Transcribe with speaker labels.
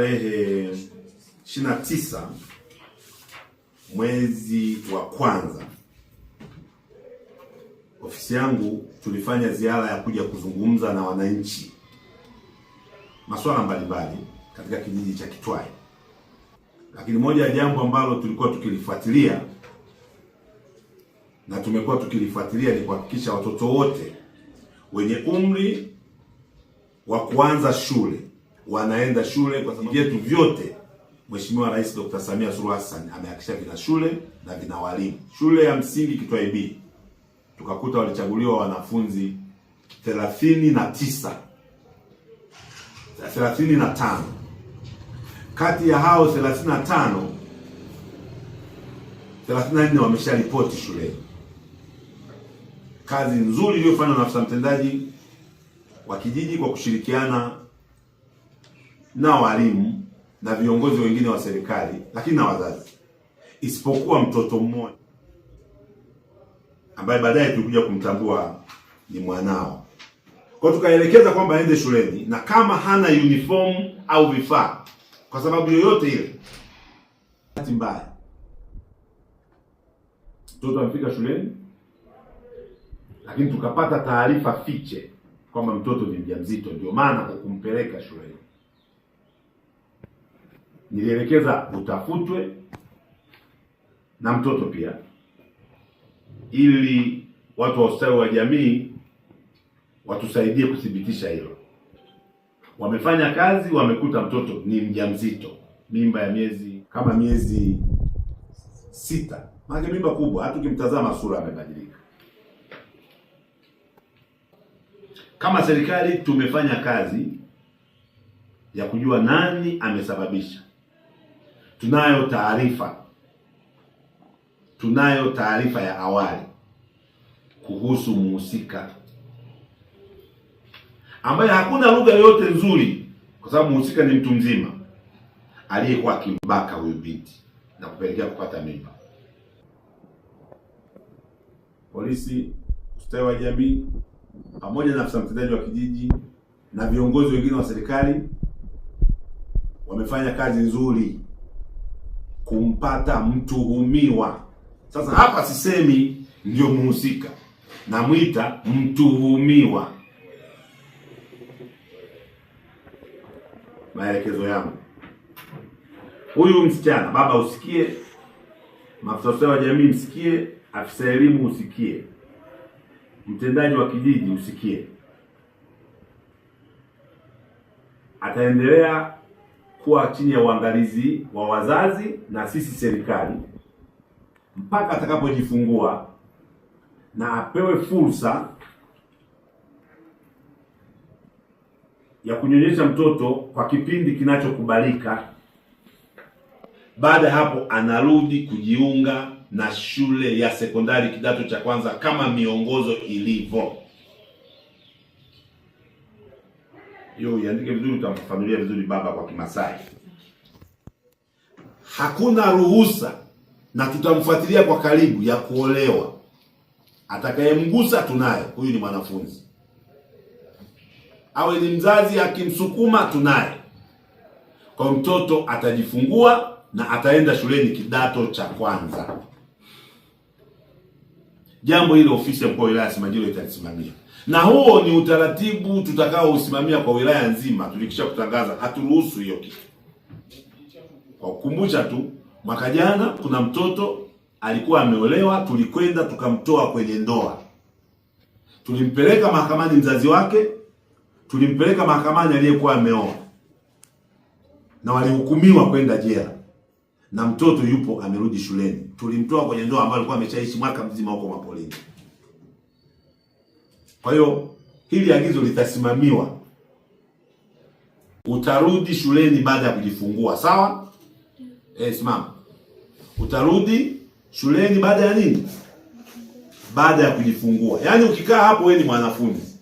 Speaker 1: Tarehe 29 tisa mwezi wa kwanza, ofisi yangu tulifanya ziara ya kuja kuzungumza na wananchi masuala mbalimbali katika kijiji cha kitwai lakini moja ya jambo ambalo tulikuwa tukilifuatilia na tumekuwa tukilifuatilia ni kuhakikisha watoto wote wenye umri wa kuanza shule wanaenda shule, kwa sababu vyetu vyote Mheshimiwa Rais Dr. Samia Suluhu Hassan amehakikisha vina shule na vina walimu. Shule ya msingi Kitwaib tukakuta walichaguliwa wanafunzi 39 35. kati ya hao 35 34 tano wamesharipoti shuleni. Kazi nzuri iliyofanywa na afisa mtendaji wa kijiji kwa kushirikiana na walimu na viongozi wengine wa serikali, lakini na wazazi, isipokuwa mtoto mmoja ambaye baadaye tulikuja kumtambua ni mwanao. Kwa tukaelekeza kwamba aende shuleni na kama hana uniform au vifaa kwa sababu yoyote ile, bahati mbaya mtoto amefika shuleni, lakini tukapata taarifa fiche kwamba mtoto ni mjamzito, ndio maana kumpeleka shuleni nilielekeza utafutwe na mtoto pia, ili watu wa ustawi wa jamii watusaidie kuthibitisha hilo. Wamefanya kazi, wamekuta mtoto ni mjamzito, mimba ya miezi kama miezi sita, maana mimba kubwa, hata ukimtazama sura amebadilika. Kama serikali tumefanya kazi ya kujua nani amesababisha tunayo taarifa, tunayo taarifa ya awali kuhusu muhusika ambaye hakuna lugha yoyote nzuri, kwa sababu muhusika ni mtu mzima aliyekuwa akimbaka huyu binti na kupelekea kupata mimba. Polisi, ustawi wa jamii, pamoja na afisa mtendaji wa kijiji na viongozi wengine wa serikali wamefanya kazi nzuri kumpata mtuhumiwa. Sasa hapa sisemi ndio mhusika, namwita mtuhumiwa. Maelekezo yangu, huyu msichana, baba usikie, maafisa ustawi wa jamii msikie, afisa elimu usikie, mtendaji wa kijiji usikie, ataendelea kuwa chini ya uangalizi wa wazazi na sisi serikali mpaka atakapojifungua na apewe fursa ya kunyonyesha mtoto kwa kipindi kinachokubalika. Baada ya hapo, anarudi kujiunga na shule ya sekondari kidato cha kwanza kama miongozo ilivyo. hiyo uiandike vizuri, utamfamilia vizuri baba kwa Kimasai. Hakuna ruhusa na tutamfuatilia kwa karibu ya kuolewa. Atakayemgusa tunaye huyu ni mwanafunzi. Awe ni mzazi akimsukuma, tunaye. Kwa mtoto atajifungua na ataenda shuleni kidato cha kwanza. Jambo hilo ofisi ya mkuu wa wilaya Simanjiro italisimamia na huo ni utaratibu usimamia kwa wilaya nzima. Tulikisha kutangaza haturuhusu hiyo kitu. Kwa kukumbusha tu, mwaka jana kuna mtoto alikuwa ameolewa, tulikwenda tukamtoa kwenye ndoa, tulimpeleka mahakamani mzazi wake, tulimpeleka mahakamani aliyekuwa ameoa, na walihukumiwa kwenda jela, na mtoto yupo amerudi shuleni. Tulimtoa kwenye ndoa ambayo alikuwa ameshaishi mwaka mzima huko mapolini. Kwa hiyo hili agizo litasimamiwa, utarudi shuleni baada ya kujifungua, sawa? Mm. Eh, simama. Utarudi shuleni baada ya nini? Baada ya kujifungua. Yaani ukikaa hapo wewe ni mwanafunzi.